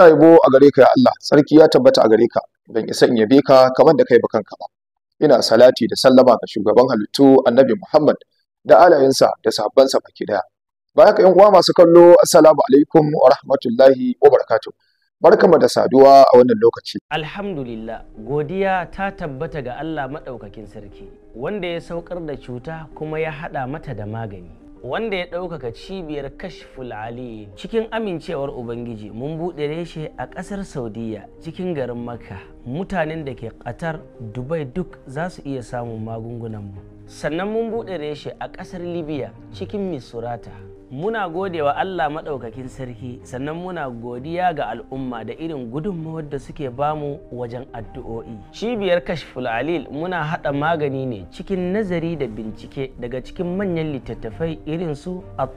ina yabo a gare ka ya Allah sarki ya tabbata a gare ka don isa in yabe ka kamar da kai ba kanka ba ina salati da sallama ga shugaban halittu annabi Muhammad da alayensa da sahabbansa baki daya baya ka yan uwa masu kallo assalamu alaikum wa rahmatullahi wa barakatuh barkamu da saduwa a wannan lokaci alhamdulillah godiya ta tabbata ga Allah madaukakin sarki wanda ya saukar da cuta kuma ya hada mata da magani wanda ya ɗaukaka cibiyar kashful ali cikin amincewar ubangiji mun buɗe reshe a ƙasar saudiya cikin garin makka mutanen da ke ƙatar dubai duk za su iya samun magungunanmu sannan mun buɗe reshe a ƙasar libya cikin misurata muna gode wa Allah maɗaukakin sarki sannan muna godiya ga al'umma da irin gudunmawar da suke bamu wajen addu'o'i. Cibiyar Kashful Alil muna haɗa magani ne cikin nazari da bincike daga cikin manyan littattafai irin su at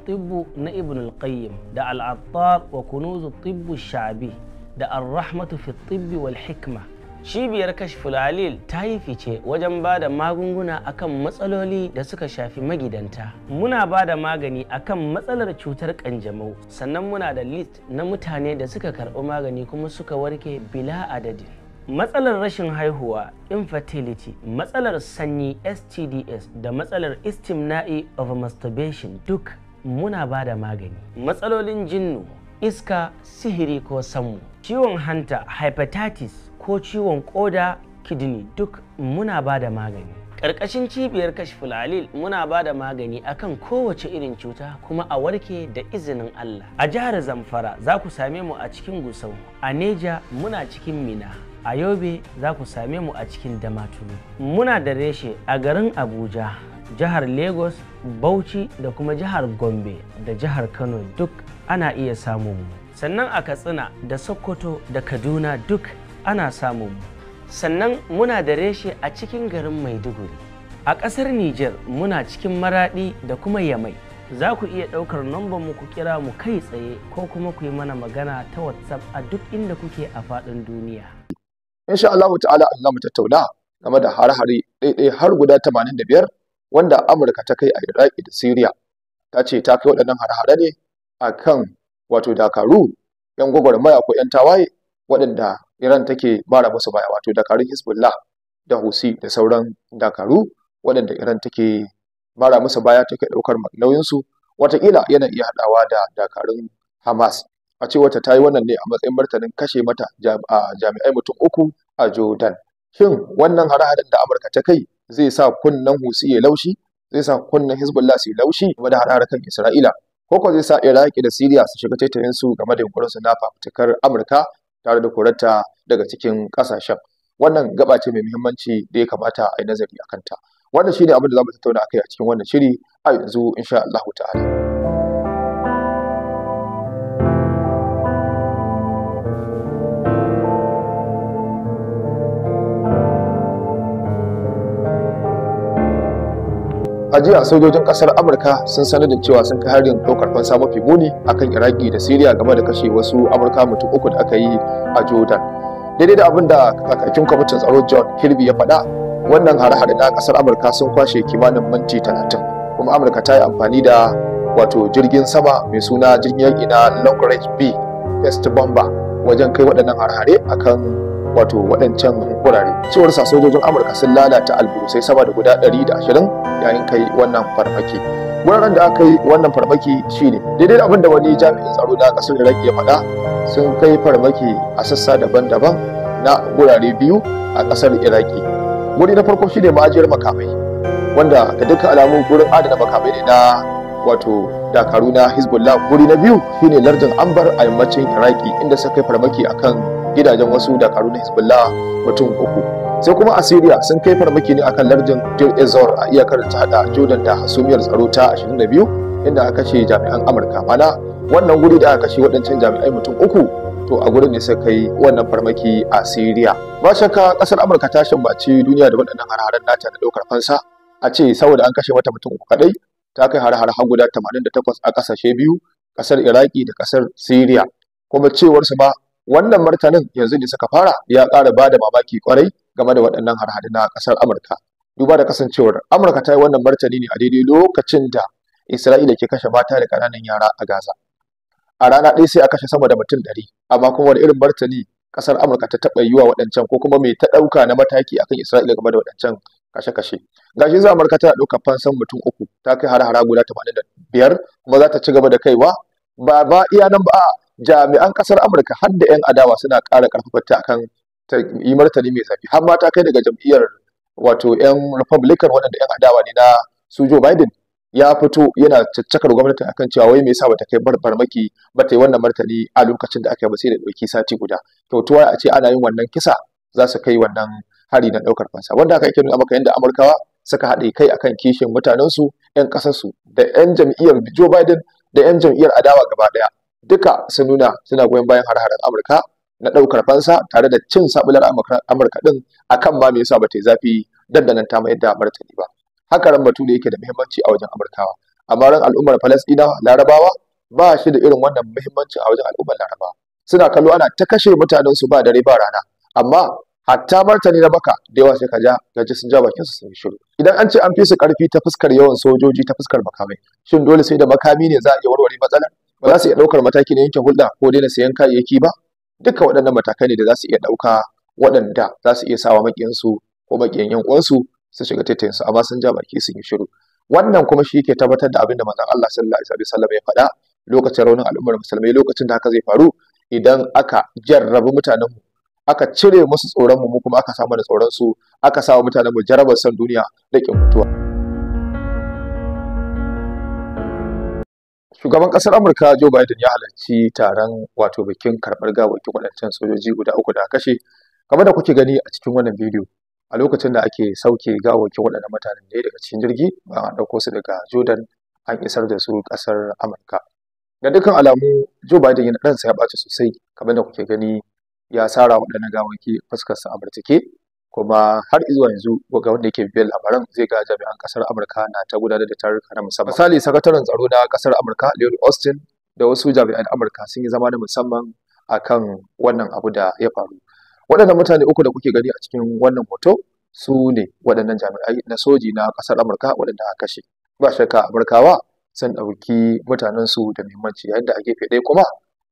na Ibn al-Qayyim da Al-Attar wa Kunuzu Tibbu Shabi da al rahmatu fi Tibbi wal Hikma Cibiyar Kashful Alil ta yi fice wajen ba da magunguna akan matsaloli da suka shafi magidanta. Muna ba da magani akan matsalar cutar ƙanjamau, sannan muna da list na mutane da suka karɓi magani kuma suka warke bila adadi. matsalar rashin haihuwa infertility matsalar sanyi stds da matsalar istimna'i of masturbation duk muna ba da magani matsalolin jinnu iska sihiri ko samu ciwon hanta hepatitis ko ciwon koda kidney duk muna ba da magani ƙarƙashin cibiyar kashful alil muna ba da magani akan kowace irin cuta kuma a warke da izinin Allah a jihar Zamfara za ku same mu a cikin Gusau a Neja muna cikin Mina a Yobe za ku same mu a cikin Damaturu muna da reshe a garin Abuja jihar Lagos Bauchi da kuma jihar Gombe da jihar Kano duk ana iya samun mu sannan a Katsina da Sokoto da Kaduna duk ana samun mu sannan muna da reshe a cikin garin maiduguri a ƙasar niger muna cikin maraɗi da kuma yamai za ku iya ɗaukar nomba mu ku kira mu kai tsaye ko kuma ku yi mana magana ta whatsapp a duk inda kuke a faɗin duniya insha Allah ta'ala Allah mu tattauna game da har-hare ɗaiɗai har guda 85 wanda Amurka ta kai a Iraki da Syria, ta ce ta kai waɗannan har-hare ne akan wato dakaru yan gwagwarmaya ko yan tawaye waɗanda Iran take bara musu baya wato dakarun Hezbollah da Husi da sauran dakaru waɗanda Iran take bara musu baya take ɗaukar nauyinsu watakila yana iya haɗawa da dakarun Hamas a ce wata ta yi wannan ne a matsayin martanin kashe mata jami'ai mutum uku a Jordan. Shin wannan hare-haren da Amurka ta kai zai sa kunnen Husi ya laushi zai sa kunnen Hezbollah su laushi game da hare kan Isra'ila ko ko zai sa Iraki da Siriya su shiga taitayin su game da yunkurin su na fafutukar Amurka tare da korarta daga cikin ƙasashen wannan gaba ce mai muhimmanci da ya kamata a yi nazari a kanta wannan shine abin da za mu tattauna a kai a cikin wannan shiri a yanzu insha Allah ta'ala a jiya sojojin kasar amurka sun sanar da cewa sun kai harin ɗaukar fansa mafi muni akan iraki da siriya game da kashe wasu amurka mutum uku da aka yi a jordan daidai da abin da kakakin kwamitin tsaro john kirby ya faɗa wannan harhare hare na kasar amurka sun kwashe kimanin minti talatin kuma amurka ta yi amfani da wato jirgin sama mai suna jirgin yaƙi na long range b best bomber wajen kai waɗannan harhare hare akan wato waɗancan wurare cewar sa sojojin amurka sun lalata alburusai sama da guda 120 yayin kai wannan farmaki wuraren da aka yi wannan farmaki shine daidai abin da wani jami'in tsaro na ƙasar iraq ya faɗa sun kai farmaki a sassa daban-daban na wurare biyu a ƙasar iraki wuri na farko shine ma'ajiyar makamai wanda da dukkan alamu gurin adana makamai ne na wato dakaru na hezbollah wuri na biyu shine lardin ambar a yammacin iraki inda suka kai farmaki akan gidajen wasu dakaru na hezbollah mutum uku sai kuma Asiriya sun kai farmaki ne akan lardin dir ezor a iyakar ta hada jordan da hasumiyar tsaro ta 22 inda aka kashe jami'an amurka mana wannan guri da aka kashe waɗancan jami'ai mutum uku to a gurin ne sai kai wannan farmaki a syria ba shakka kasar amurka ta shambaci duniya da waɗannan har nata da ɗaukar fansa a ce saboda an kashe wata mutum uku kadai ta kai har-har har guda 88 a ƙasashe biyu ƙasar iraki da ƙasar Siriya, kuma cewar ba wannan martanin yanzu ne suka fara ya ƙara ba da mamaki kwarai game da waɗannan harhaɗu na ƙasar amurka duba da kasancewar amurka ta yi wannan martani ne a daidai lokacin da isra'ila ke kashe mata da ƙananan yara a gaza a rana ɗaya sai a kashe sama da mutum ɗari amma kuma wani irin martani ƙasar amurka ta taɓa yi wa waɗancan ko kuma mai ta ɗauka na mataki akan isra'ila game da waɗancan kashe-kashe gashi za amurka tana ɗaukar fansan mutum uku ta kai har hara guda tamanin da biyar kuma za ta ci gaba da kaiwa ba ba iya nan ba a jami'an kasar amurka har da 'yan adawa suna ƙara ƙarfafa akan yi martani mai zafi har ma ta kai daga jam'iyyar wato 'yan republican waɗanda 'yan adawa ne na su joe biden ya fito yana caccakar gwamnati akan cewa wai me yasa bata kai farmaki bata yi wannan martani a lokacin da aka yi ba sai da ɗauki sati guda kyautuwa a ce ana yin wannan kisa za su kai wannan hari na ɗaukar fansa wanda aka yake nuna maka yadda amurkawa suka haɗe kai akan kishin mutanensu 'yan ƙasarsu da 'yan jam'iyyar joe biden da 'yan jam'iyyar adawa gaba ɗaya duka sun nuna suna goyon bayan har-haren Amurka na ɗaukar fansa tare da cin sabular Amurka ɗin akan ma me yasa ba ta yi zafi dandanan ta mayar da martani ba. Haka ran batu da yake da muhimmanci a wajen Amurkawa. Amma ran al'ummar Falasɗina Larabawa ba shi da irin wannan muhimmanci a wajen al'ummar Larabawa. Suna kallo ana ta kashe mutanen su ba dare ba rana. Amma hatta martani na baka da yawa sai ka ja gaji sun ja bakin su sun yi shiru. Idan an ce an fi su ƙarfi ta fuskar yawan sojoji ta fuskar makamai, shin dole sai da makami ne za a iya warware matsalar? ba za su iya ɗaukar mataki na yanke hulɗa ko daina sayan kayayyaki ba duka waɗannan matakai ne da za su iya ɗauka waɗanda za su iya sawa maƙiyansu ko maƙiyan yan uwansu su shiga tattayinsu amma sun ja baki sun yi shiru wannan kuma shi ke tabbatar da abin da manzon Allah sallallahu alaihi wasallam ya faɗa lokacin raunin al'ummar musulmai lokacin da haka zai faru idan aka jarrabi mu aka cire musu tsoron mu kuma aka samu da tsoron su aka sawa mutanen mu jarabar san duniya da kin mutuwa shugaban kasar amurka joe biden ya halarci taron wato bikin karɓar gawakin waɗancan sojoji guda uku da kashe kamar da kuke gani a cikin wannan bidiyo a lokacin da ake sauke gawakin waɗannan mutanen ne daga cikin jirgi an ɗauko su daga jordan an isar da su kasar amurka da dukkan alamu joe biden yana ɗansa ya ɓaci sosai kamar da kuke gani ya sara waɗannan gawaki fuskarsa a kuma har izuwa yanzu ga wanda yake biyar labaran zai ga jami'an kasar amurka na ta gudanar da taruka na musamman misali sakataren tsaro na kasar amurka leon austin da wasu jami'an amurka sun yi zama da musamman a kan wannan abu da ya faru waɗannan mutane uku da kuke gani a cikin wannan hoto su ne waɗannan jami'ai na soji na kasar amurka waɗanda aka kashe ba shakka amurkawa sun ɗauki mutanensu da muhimmanci yayin da a gefe ɗaya kuma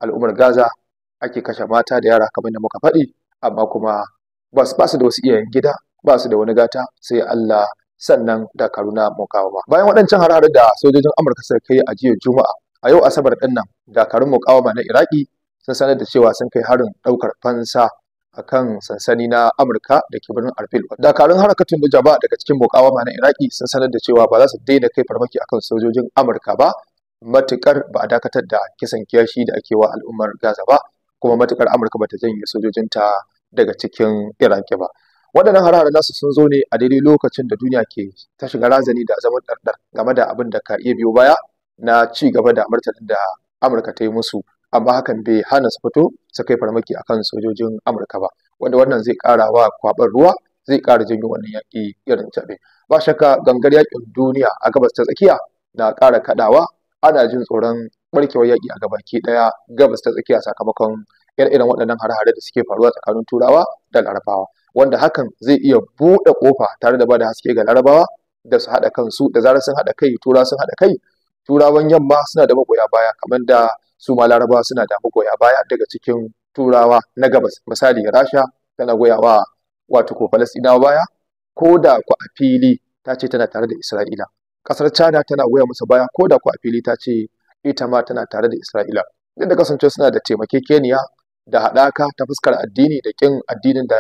al'ummar gaza ake kashe mata da yara kamar da muka faɗi amma kuma ba su da wasu iyayen gida ba su da wani gata sai Allah sannan dakaru na mukawama bayan waɗancan harare da sojojin amurka suka kai a jiya juma'a a yau asabar ɗin nan dakarun mukawama na iraki sun sanar da cewa sun kai harin ɗaukar fansa akan sansani na Amurka da ke birnin Arbil. Dakarun harakatun Nujaba daga cikin mukawama na Iraki sun sanar da cewa ba za su daina kai farmaki akan sojojin Amurka ba matukar ba a dakatar da kisan kiyashi da ake wa al'ummar Gaza ba kuma matukar Amurka ba ta janye sojojinta daga cikin iraki ba waɗannan harar nasu sun zo ne a daidai lokacin da duniya ke ta shiga razani da zaman ɗarɗar game da abin da ka iya biyo baya na ci gaba da martanin da amurka ta yi musu amma hakan bai hana su fito su kai farmaki akan sojojin amurka ba wanda wannan zai ƙara wa kwaɓar ruwa zai ƙara janyo wannan yaƙi irin caɓe ba shakka gangar yaƙin duniya a gabas ta tsakiya na ƙara kaɗawa ana jin tsoron ɓarkewar yaƙi a gabaki ɗaya gabas ta tsakiya sakamakon ire-iren waɗannan hare-hare da suke faruwa tsakanin turawa da larabawa wanda hakan zai iya buɗe ƙofa tare da bada haske ga larabawa da su haɗa kansu da zarar sun haɗa kai tura sun haɗa kai turawan yamma suna da magoya baya kamar da su ma larabawa suna da magoya baya daga cikin turawa na gabas misali rasha tana wa wato ko falastinawa baya ko da ku a fili ta ce tana tare da isra'ila ƙasar china tana goya masa baya ko da ku a fili ta ce ita ma tana tare da isra'ila duk da kasance suna da taimakekeniya da haɗaka ta fuskar addini da ƙin addinin da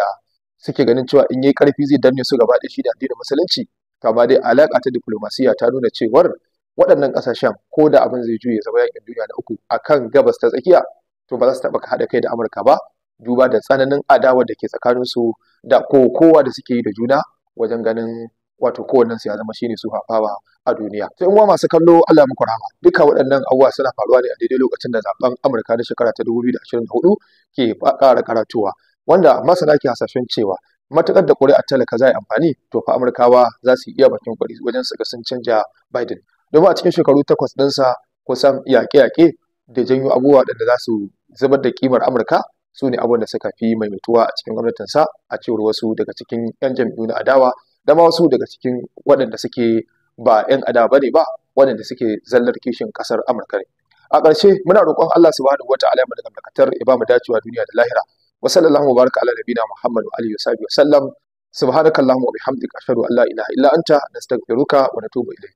suke ganin cewa in yi ƙarfi zai danne su gaba da shi da addinin musulunci kama dai alaƙa ta diplomasiya ta nuna cewar waɗannan ƙasashen ko da abin zai juye zama yaƙin duniya na uku akan gabas ta tsakiya to ba za su taɓa haɗa kai da amurka ba duba da tsananin adawa da ke tsakaninsu da kowa da suke yi da juna wajen ganin wato kowannen su ya zama shine su hafawa a duniya sai uwa masu kallo Allah muku rahama duka waɗannan abuwa suna faruwa ne a daidai lokacin da zaben Amurka na shekara ta 2024 ke ƙara karatuwa wanda masana ke hasashen cewa matakar da ƙuri'ar talaka za yi amfani to fa Amurkawa za su iya bakin ƙwari wajen su ga sun canja Biden domin a cikin shekaru takwas ɗinsa kusan yaƙe-yaƙe da janyo abubuwa waɗanda za su zubar da kimar Amurka su ne abin da suka fi maimaituwa a cikin gwamnatinsa a cewar wasu daga cikin 'yan jam'iyyu na adawa Dama wasu daga cikin waɗanda suke ba 'yan ada ba ne ba waɗanda suke zallar kishin ƙasar Amurka ne. A ƙarshe muna roƙon Allah subhanahu wa wata alama daga makatar ya ba mu dacewa duniya da lahira. Wa sallallahu baraka ala nabina Muhammad wa alihi wa sallam. Subhanakallahumma wa bihamdika ashhadu an la ilaha illa anta nastaghfiruka wa natubu ilayk.